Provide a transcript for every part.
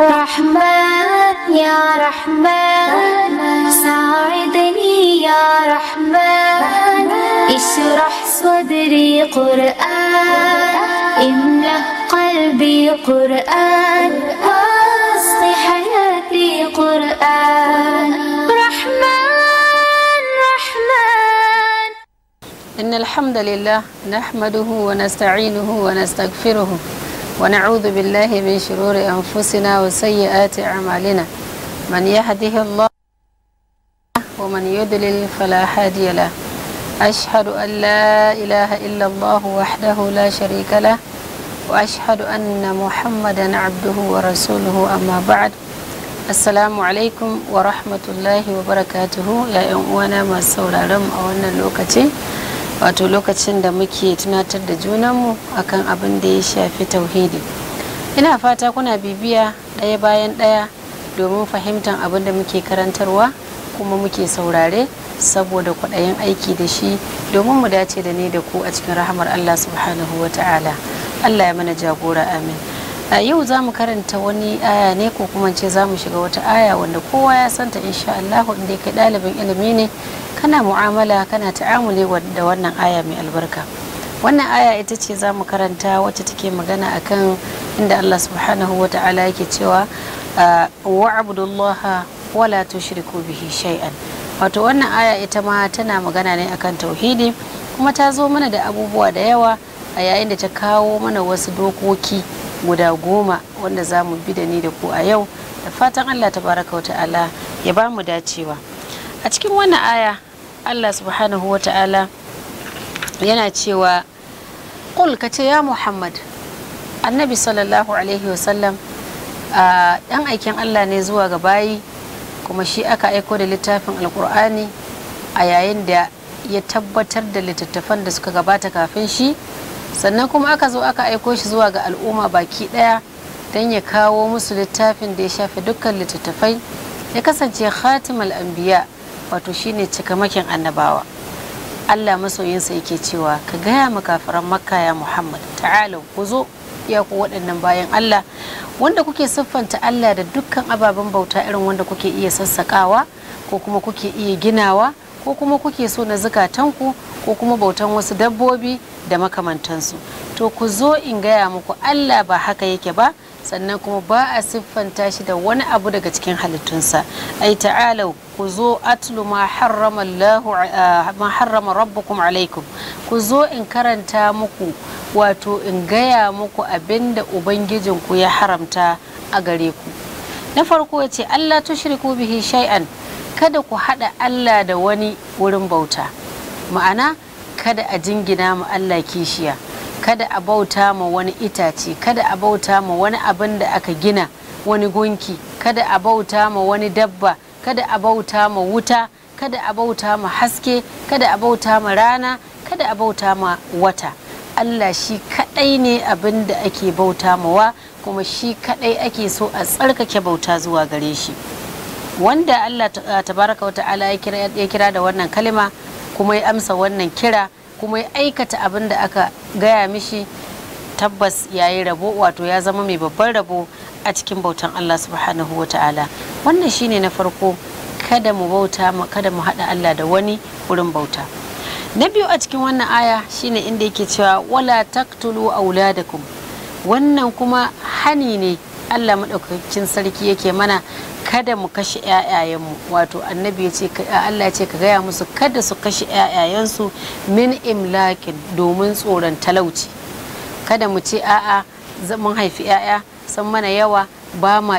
رحمن يا رحمن ساعدني يا رحمن اشرح صدري قرآن املأ قلبي قرآن واسق حياتي قرآن رحمن رحمن إن الحمد لله نحمده ونستعينه ونستغفره ونعوذ بالله من شرور أنفسنا وسيئات أعمالنا من يهده الله ومن يدلل فلا هادي له أشهد أن لا إله إلا الله وحده لا شريك له وأشهد أن محمدا عبده ورسوله أما بعد السلام عليكم ورحمة الله وبركاته يا ‘ya'yan ما masu sauraron a wannan wato lokacin da muke tunatar da junanmu akan abin da ya shafi tauhidi ina fata kuna bibiya ɗaya bayan ɗaya domin fahimtar abin da muke karantarwa kuma muke saurare saboda kwaɗayin aiki da shi domin mu dace da ni da ku a cikin rahamar allah subhanahu wa ta'ala allah ya mana jagora amin a yau za mu karanta wani aya ne ko kuma ce za mu shiga wata aya wanda kowa ya santa insha allahu inda kai ɗalibin ilimi ne kana mu'amala kana ta'amuli da wannan aya mai albarka wannan aya ita ce za mu karanta wacce take magana akan inda Allah subhanahu wa ta'ala yake cewa ah, wa abdullaha wala tushriku bihi shay'an wato wannan aya ita ma tana magana ne akan tauhidi kuma ta zo mana da abubuwa da yawa a yayin da ta kawo mana wasu dokoki guda goma wanda za mu bi da ni da ku a yau da fatan Allah tabaraka wa ta'ala ya ba mu dacewa a cikin wannan aya Allah subhanahu wa ta'ala yana cewa ƙul ka ce ya Muhammad annabi sallallahu alaihi wasallam ɗan aikin Allah ne zuwa ga bayi kuma shi aka aiko da littafin alkur'ani a yayin da ya tabbatar da littattafan da suka gabata kafin shi sannan kuma aka zo aka aiko shi zuwa ga al'umma baki ɗaya don ya kawo musu littafin da ya shafe dukkan littattafai ya kasance khatimal anbiya wato shine cikamakin annabawa Allah masoyinsa yake cewa ka gaya mu makka ya Muhammad ta'ala ku zo ya ku waɗannan bayan Allah wanda kuke siffanta Allah da dukkan ababen bauta irin wanda kuke iya sassakawa ko kuma kuke iya ginawa ko kuma kuke so na zukatanku ko kuma bautan wasu dabbobi da makamantansu to ku zo in gaya muku Allah ba haka yake ba sannan kuma ba a siffanta shi da wani abu daga cikin halittunsa ai ta'alau ku zo atlu ma harrama Allahu ma harrama rabbukum alaikum ku zo in karanta muku wato in gaya muku abinda ubangijinku ya haramta a gare ku na farko yace Allah tushriku bihi shay'an kada ku hada Allah da wani wurin bauta ma'ana kada a jingina mu Allah kishiya kada a bauta ma wani itace kada a bauta ma wani abin da aka gina wani gunki kada a bauta ma wani dabba kada a bauta ma wuta kada a bauta ma haske kada a bauta ma rana kada a bauta ma wata Allah shi kadai ne abin da ake bauta mawa kuma shi kadai ake so a tsarkake bauta zuwa gare shi wanda Allah tabaraka wa ta'ala ya kira da wannan kalima kuma ya amsa wannan kira kuma ya aikata abin da aka gaya mishi tabbas ya yi rabo wato ya zama mai babban rabo a cikin bautan Allah subhanahu wa ta'ala wannan shine na farko kada mu bauta kada mu haɗa Allah da wani wurin bauta na biyu a cikin wannan aya shine inda yake cewa wala taqtulu auladakum wannan kuma hani ne Allah maɗaukakin sarki yake mana kada mu kashe ‘ya'yayenmu wato annabi ya ce Allah ya ce ka gaya musu kada su kashe ‘ya'yayensu min imlakin domin tsoron talauci kada mu ce a'a mun haifi ‘ya'ya san mana yawa ba ma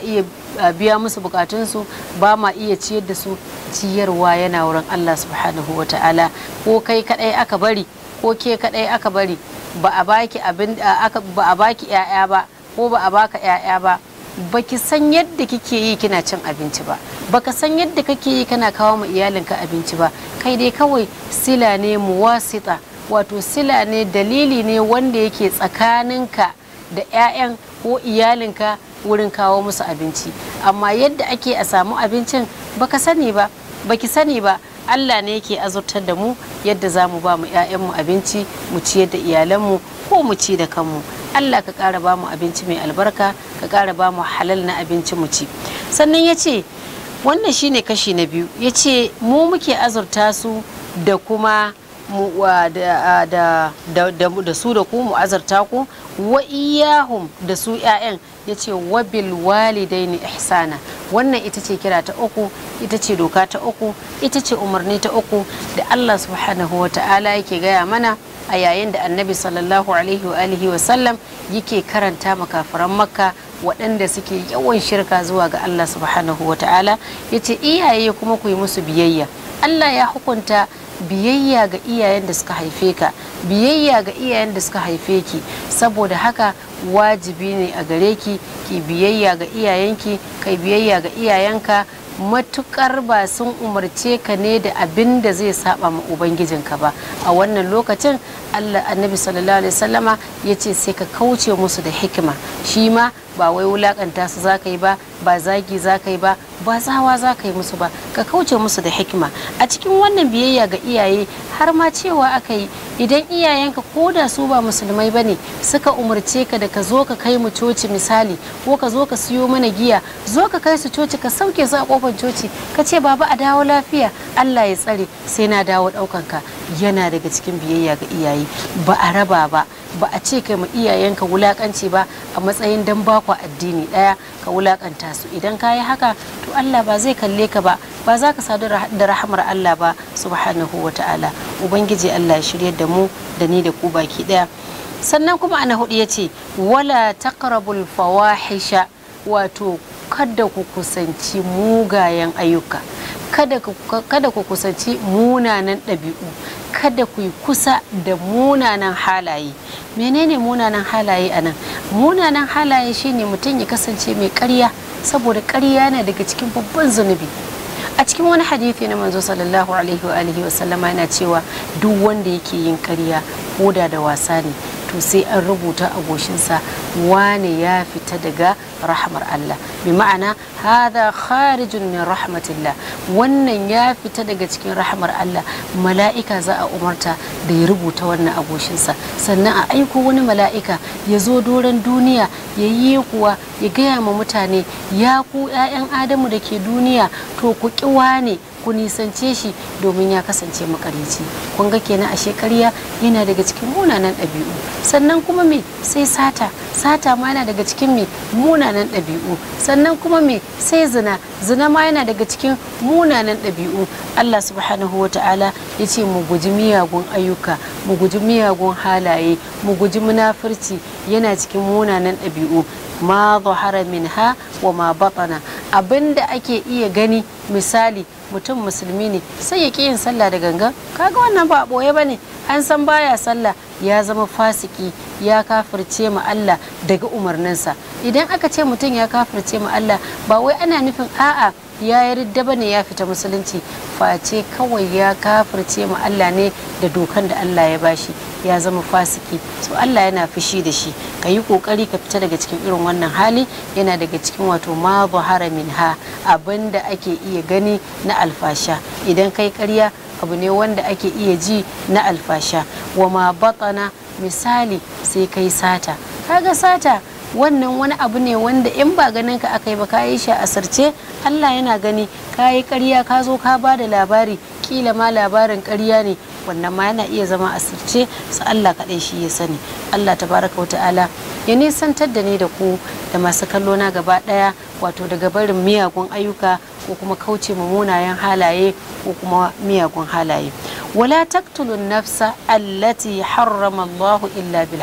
iya biya musu bukatunsu ba ma iya ciyar da su ciyarwa yana wurin Allah subhanahu wa ta'ala ko kai kadai aka bari ko ke kadai aka bari ba a baki abin ba a baki ‘ya'ya ba ko ba a baka ‘ya'ya ba baki san yadda kike yi kina cin abinci ba baka san yadda kake yi kana kawo ma iyalinka abinci ba kai dai kawai sila ne muwasita wato sila ne dalili ne wanda yake tsakaninka da 'ya'yan ko iyalinka wurin kawo musu abinci amma yadda ake a samu abincin baka sani ba baki sani ba Allah ne yake azurtar da mu yadda za mu ba mu 'ya'yanmu abinci mu ciyar da iyalanmu ko mu ci da kanmu Allah ka ƙara ba mu abinci mai albarka ka ƙara ba mu halal na abinci mu ci sannan ya ce wannan shine kashi na biyu ya ce mu muke azurta su da kuma da su da ku mu azurta ku wa iyahum da su 'ya'yan ya ce wabil ni ihsana wannan ita ce kira ta uku ita ce doka ta uku ita ce umarni ta uku da allah subhanahu wa ta'ala yake gaya mana a yayin da annabi sallallahu alaihi wa alihi wa sallam yake karanta makafiran makka waɗanda suke yawan shirka zuwa ga Allah subhanahu wa ta'ala yace iyaye kuma ku yi musu biyayya Allah ya hukunta biyayya ga iyayen da suka haife ka biyayya ga iyayen da suka haife ki saboda haka wajibi ne a gare ki ki biyayya ga iyayenki kai biyayya ga iyayenka matukar ba sun umarce ka ne da abin da zai saba ma ubangijinka ba a wannan lokacin allah annabi sallallahu alaihi wasallama ya ce sai ka kauce musu da hikima shi ma ba wai wulakanta su za ka yi ba ba zagi za ka yi ba ba tsawa za ka yi musu ba ka kauce musu da hikima a cikin wannan biyayya ga iyaye har ma cewa aka yi idan iyayenka ko da su ba musulmai ba ne suka umarce ka da ka zo ka kai mu coci misali ko ka zo ka siyo mana giya zo ka kai su coci ka sauke su a kofar coci ka ce baba a dawo lafiya allah ya tsare sai na dawo ɗaukanka yana daga cikin biyayya ga iyaye ba a raba ba ba a ce kai ma iyayenka wulakanci ba a matsayin dan bakwa addini daya ka wulakanta su idan ka yi haka to Allah ba zai kalle ka ba ba za ka sadu da rahamar Allah ba subhanahu wa ta'ala ubangiji Allah ya shirya da mu da ni da ku baki daya sannan kuma ana hudu yace wala taqrabul fawahisha wato kada ku kusanci mugayen ayyuka kada ku kusanci munanan ɗabi'u kada ku yi kusa da munanan halaye menene munanan halaye a nan munanan halaye shine mutum ya kasance mai karya saboda karya na daga cikin babban zunubi a cikin wani hadithi na manzo sallallahu alaihi wa alihi wa sallama yana cewa duk wanda yake yin karya koda da wasa ne to sai an rubuta a goshinsa wane ya fita daga rahmar Allah bi ma'ana hada kharijun min rahmatillah wannan ya fita daga cikin rahmar Allah mala'ika za a umarta da ya rubuta wannan a goshinsa sannan a aiko wani mala'ika ya zo doron duniya ya yi kuwa ya gaya ma mutane ya ku 'ya'yan adamu da ke duniya to ku ki wane ku nisance shi domin ya kasance makarici kun ga kenan ashe ƙarya yana daga cikin munanan ɗabi'u sannan kuma me sai sata sata ma yana daga cikin me munanan ɗabi'u sannan kuma me sai zina zina ma yana daga cikin munanan ɗabi'u Allah subhanahu wa ta'ala ya ce mu guji miyagun ayyuka mu guji miyagun halaye mu guji munafurci yana cikin munanan ɗabi'u ma zuhara minha wa ma batana abinda ake iya gani misali mutum musulmi ne sai ya yin sallah da gangan kaga wannan ba boye bane an san baya sallah ya zama fasiki ya kafirce ma Allah daga umarninsa idan aka ce mutum ya kafirce ma Allah ba wai ana nufin a'a ya yarda ba ne ya fita musulunci face kawai ya kafirce mu Allah ne da dokan da Allah ya bashi ya zama fasiki so Allah yana fushi da shi ka yi kokari ka fita daga cikin irin wannan hali yana daga cikin wato ma min ha abinda ake iya gani na alfasha idan kai karya abu ne wanda ake iya ji na alfasha wa ma batana misali sai kai sata kaga sata wannan wani abu ne wanda in ba ganin ka aka ba ka yi shi a asirce Allah yana gani ka yi ƙarya ka zo ka ba da labari kila ma labarin ƙarya ne wannan ma yana iya zama asirce su Allah kaɗai shi ya sani Allah ta baraka wa ta'ala ya nisantar da ni da ku da masu kallo na gaba ɗaya wato daga barin miyagun ayyuka ko kuma kauce ma halaye ko kuma miyagun halaye wala taktulun nafsa allati harrama Allah illa bil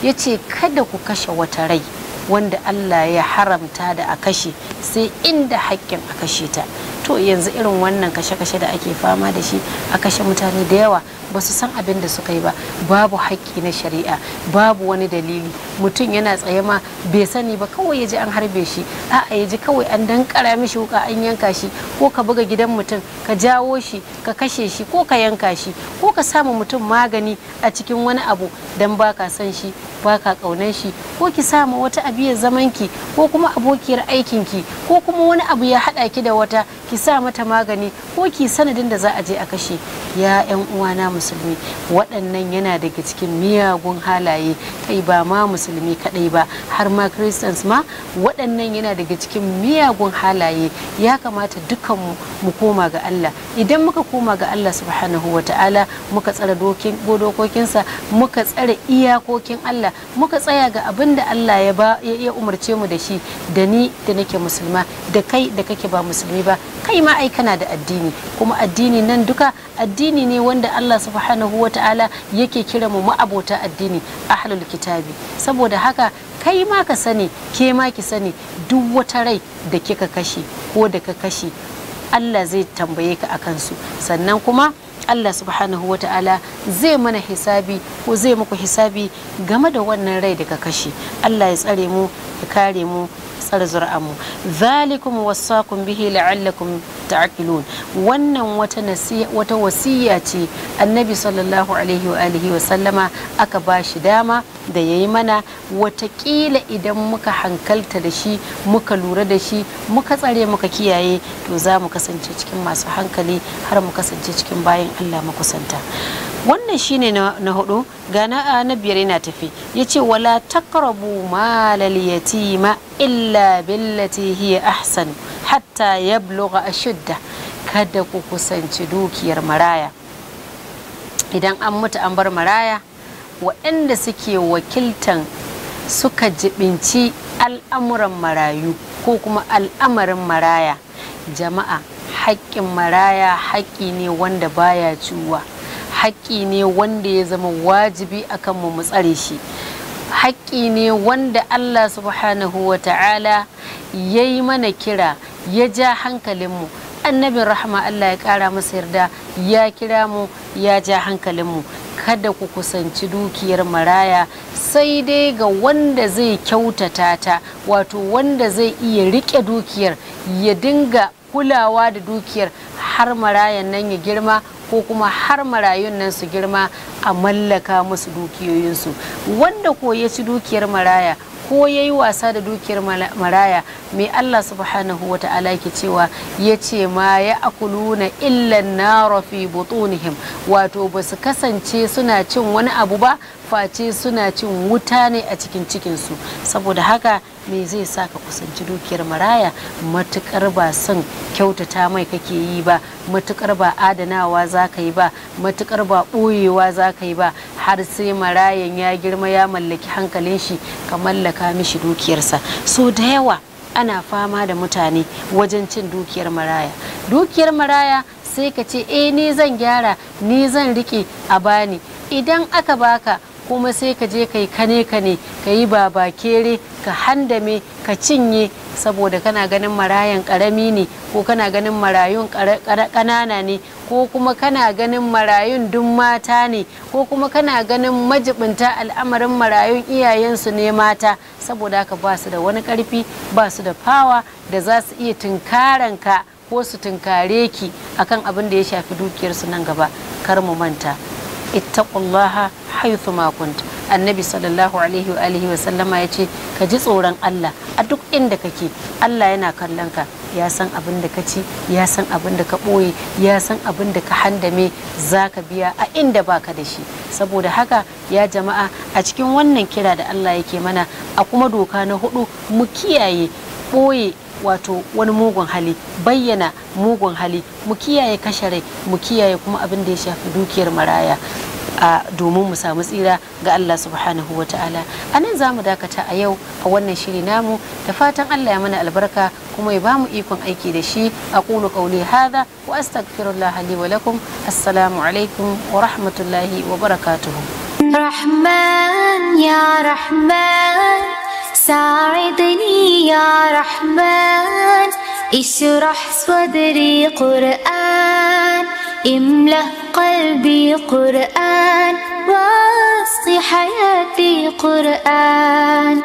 ya ce kada ku kashe wata rai wanda Allah ya haramta da a kashe sai inda haƙƙin a kashe ta to yanzu irin wannan kashe-kashe da ake fama da shi a kashe mutane da yawa ba su san abin da suka yi ba babu haƙƙi na shari'a babu wani dalili mutum yana tsaye ma bai sani ba kawai ya ji an harbe shi a'a ya ji kawai an dankara mishi wuka an yanka shi ko ka buga gidan mutum ka jawo shi ka kashe shi ko ka yanka shi ko ka samu mutum magani a cikin wani abu dan ka san shi ba ka kaunan shi ko ki samu wata abiyar zaman ki ko kuma abokiyar aikin ki ko kuma wani abu ya haɗa ki da wata ki sa mata magani ko ki sanadin da za a je a kashe ya yan uwana mu musulmi waɗannan yana daga cikin miyagun halaye kai ba ma musulmi kaɗai ba har ma christians ma waɗannan yana daga cikin miyagun halaye ya kamata dukkan mu koma ga Allah idan muka koma ga Allah subhanahu wa ta'ala muka tsare dokokinsa muka tsare iyakokin Allah muka tsaya ga abin da Allah ya ba ya umarce mu da shi da ni da nake musulma da kai da kake ba musulmi ba kai ma ai kana da addini kuma addini nan duka addini ne wanda Allah subhanahu wata'ala yake kira mu ma'abota addini ahlul kitabi saboda haka kai ma ka sani ke ma ki sani duk wata rai da kika kashe ko da ka kashe Allah zai tambaye ka akan su sannan kuma Allah subhanahu wa ta'ala zai mana hisabi ko zai muku hisabi game da wannan rai da ka kashe Allah ya tsare mu ya kare mu tsare zuri'anmu zalikum wasakum bihi la'allakum ta'qilun wannan wata nasiha wata wasiya ce annabi sallallahu alaihi wa alihi wa sallama aka ba shi dama da yayi mana watakila idan muka hankalta da shi muka lura da shi muka tsare muka kiyaye to za mu kasance cikin masu hankali har mu kasance cikin bayan Allah makusanta wannan shine na hudu ga na biyar yana tafi ya ce wala taqrabu malal yatima illa billati hiya ahsan hatta yablugha ashudda kada ku kusanci dukiyar maraya idan an mutu an bar maraya waɗanda suke wakiltan suka jibinci al'amuran marayu ko kuma al'amarin maraya jama'a haƙƙin maraya haƙƙi ne wanda baya ciwa haƙƙi ne wanda ya zama wajibi akan mu mu tsare shi haƙƙi ne wanda Allah subhanahu wa ta'ala ya yi mana kira ya ja hankalinmu annabin rahama Allah ya ƙara masa yarda ya kira mu ya ja hankalinmu kada ku kusanci dukiyar maraya sai dai ga wanda zai kyautata ta wato wanda zai iya riƙe dukiyar ya dinga kulawa da dukiyar har marayan nan ya girma ko kuma har marayun nan su girma a mallaka musu dukiyoyinsu wanda ko ya ci dukiyar maraya ko ya yi wasa da dukiyar maraya Mai Allah subhanahu wa ta'ala ke cewa ya ce ma ya akuluna illan na rafi butunihim wato ba su kasance suna cin wani abu ba face suna cin wuta ne a cikin cikinsu saboda haka me zai sa ka kusanci dukiyar maraya matukar ba son kyautata mai kake yi ba matukar ba adanawa za ka yi ba matukar ba ɓoyewa za ka yi ba har sai marayan ya girma ya mallaki hankalin shi ka mallaka mishi dukiyarsa so da yawa ana fama da mutane wajen cin dukiyar maraya dukiyar maraya sai ka ce eh ni zan gyara ni zan riƙe a bani idan aka baka kuma sai ka je ka yi kane kane ka yi baba kere ka handame ka cinye saboda kana ganin marayan karami ne ko kana ganin marayun ƙanana ne ko kuma kana ganin marayun dun mata ne ko kuma kana ganin majibinta al'amarin marayun iyayensu ne mata saboda haka ba su da wani karfi ba su da fawa da za su iya ka ko su tunkare ki akan abin da ya shafi dukiyarsu nan gaba kar mu manta ittaqullaha haythu ma kunt annabi sallallahu alaihi wa alihi wa sallama yace ka ji tsoron Allah a duk inda kake Allah yana kallon ka ya san abin da ka ci ya san abin da ka ɓoye ya san abin da ka handame zaka biya a inda baka da shi saboda haka ya jama'a a cikin wannan kira da Allah yake mana a kuma doka na hudu mu kiyaye boye wato wani mugun hali bayyana mugun hali mu kiyaye kashe rai mu kiyaye kuma abin da ya shafi dukiyar maraya a domin mu samu tsira ga Allah subhanahu wa ta'ala a nan za mu dakata a yau a wannan shiri namu da fatan Allah ya mana albarka kuma ya bamu ikon aiki da shi a kulu kauli hada wa astaghfirullah li wa lakum assalamu alaikum wa rahmatullahi wa barakatuhu rahman ya rahman ساعدني يا رحمن اشرح صدري قرآن املأ قلبي قرآن واسقي حياتي قرآن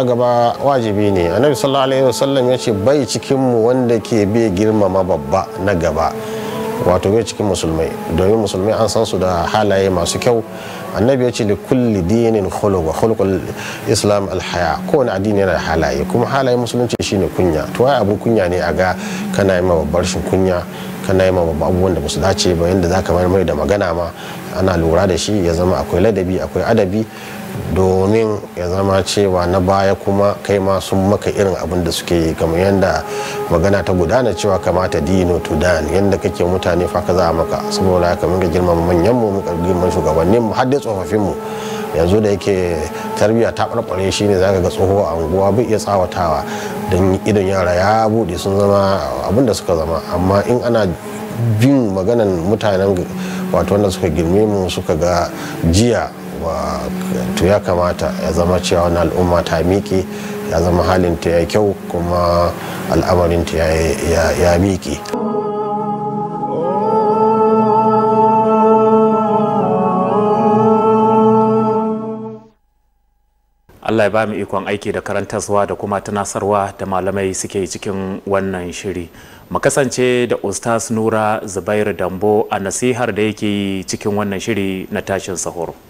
na gaba wajibi ne annabi sallallahu alaihi wasallam yace bai cikin mu wanda ke bai girmama babba na gaba wato bai cikin musulmai domin musulmai an san su da halaye masu kyau annabi ya ce da kulli dinin khuluq wa khuluqul islam alhaya kowane addini yana da halaye kuma halaye musulunci shine kunya to wai abun kunya ne a ga kana yi ma babbar shin kunya kana yi ma babban abubuwan da basu dace ba yanda zaka mai da magana ma ana lura da shi ya zama akwai ladabi akwai adabi domin ya zama cewa na baya kuma kai ma sun maka irin abin da suke yi kamar yadda magana ta gudana cewa kamata dino to dan yadda kake mutane fa ka za maka saboda haka mun ga girmama manyan mu mun girmama shugabannin mu har tsofaffin mu yanzu da yake tarbiyya ta barbare shi ne zaka ga tsoho a unguwa bai iya tsawatawa don idon yara ya bude sun zama abin da suka zama amma in ana bin maganan mutanen wato wanda suka girme mu suka ga jiya to ya kamata ya zama cewa wani al'umma ta miƙe ya zama halin ta ya kyau kuma al'amarin ta ya miƙe Allah ya ba mu ikon aiki da karantarwa da kuma tunasarwa da malamai suke cikin wannan shiri. Mu kasance da Ustaz Nura Zubairu Dambo a nasihar da yake cikin wannan shiri na tashin sahoro.